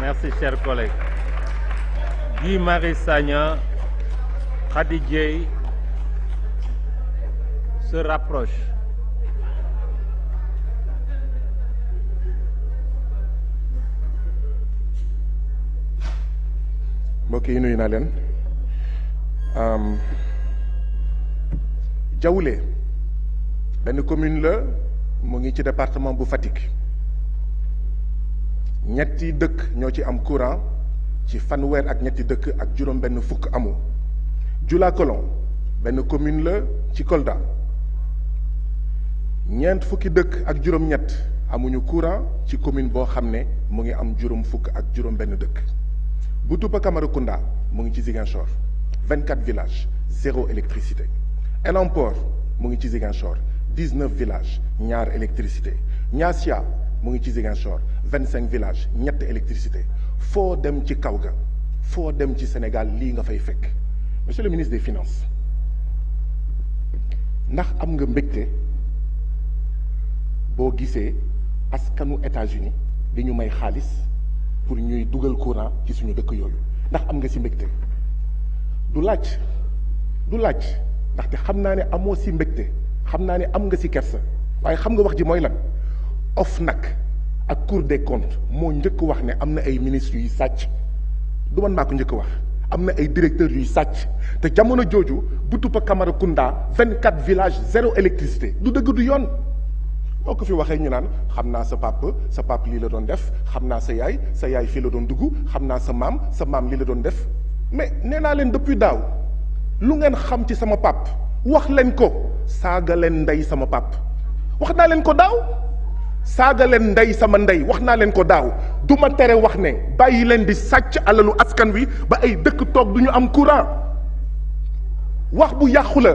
Merci, chers collègues. Guy Marie Sagna, Khadi Dieye se rapprochent. mbokk yi nuyu naa leen Diawoulé benn commune la mu ngi ci département bu Fatick. ñetti dëkk ñoo ci am courant ci fanweer ak ñetti dëkk ak juróom benn fukk amu Jula Kolon benn commune la ci Kolda ñeent fukki dëkk ak juróom-ñett amuñu courant ci commune boo xam ne mu ngi am juróom fukk ak juróom benn dëkk Boutoupa Camaracounda mu ngi ci Ziguinchor vingt quatre villages zéro électricité Enampor mu ngi ci Ziguinchor dix neuf villages ñaar électricité Niassia mu ngi ci Ziguinchor vingt cinq villages ñett électricité foo dem ci kaw ga foo dem ci Sénégal lii nga fay fekk monsieur le ministre des finance ndax am nga mbégte boo gisee askanu États-Unis di ñu may xaalis pour ñuy dugal courant ci suñu dëkk yooyu ndax am nga si mbégte du laaj du laaj ndaxte xam naa ne amoo si mbégte xam naa ni am nga si kersa waaye xam nga wax ji mooy lan nag ak Cour des comptes moo njëkk wax ne am na ay ministres yuy sàcc du man maa ko njëkk wax am na ay directeurs yuy sàcc te jamono jooju Boutoupa Camaracounda 24 village zéro électricité du dëgg du yoon boo ko fi waxee ñu naan xam naa sa papa sa papa lii la doon def xam naa sa yaay sa yaay fii la doon dugg xam naa sa maam sa maam lii la doon def mais nee naa leen depuis daaw lu ngeen xam ci sama pap wax leen ko saaga leen ndey sama pap wax naa leen ko daaw saaga leen ndey sama ndey wax naa leen ko daaw du ma tere wax ne bàyyi leen di sàcc alalu askan wi ba ay dëkk toog du ñu am courant wax bu yàqu la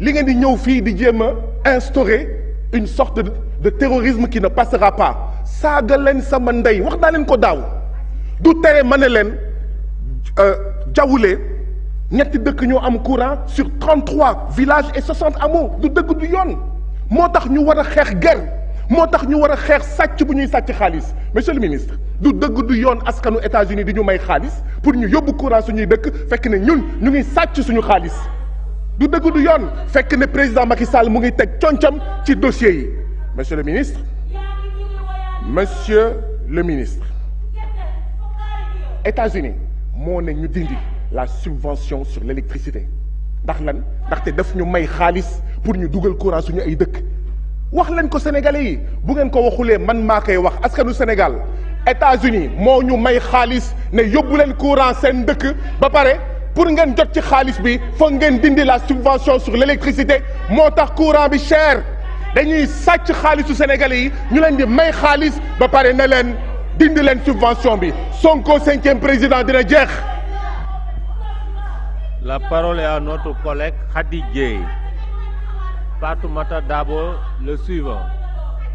li ngeen di ñëw fii di jéem a instaurer une sorte de terrorisme qui ne passera pas saaga leen sama ndey wax naa leen ko daaw du tere ma ne leen euh, jawulee ñetti dëkk ñoo am courant sur 33 villages et 60 hameaux du dëgg du yoon moo tax ñu war a xeex guerre moo tax ñu war a xeex sàcc bu ñuy sàcc xaalis monsieur le ministre du dëgg du yoon askanu États-Unis di ñu may xaalis pour ñu yóbbu courant suñuy dëkk fekk ne ñun ñu ngi sàcc suñu xaalis du dëgg du yoon fekk ne président Macky Sall mu ngi teg concam ci dossier yi monsieur le ministre monsieur le ministre États-Unis moo ne ñu dindi la subvention sur l'électricité ndax lan ndaxte daf ñu may xaalis pour ñu dugal courant suñu ay dëkk wax leen ko sénégalais yi bu ngeen ko waxulee man maa koy wax askanu Sénégal États-Unis moo ñu may xaalis ne yóbbu leen courant seen dëkk ba pare pour ngeen jot ci xaalis bi foog ngeen dindi la subvention sur l'électricité moo tax courant bi cher dañuy sàcc xaalisu sénégalais yi ñu leen di may xaalis ba pare ne leen dindi leen subvention bi Sonko cinquième président dina jeex. La parole est à notre Fatoumata Dabo le suivant.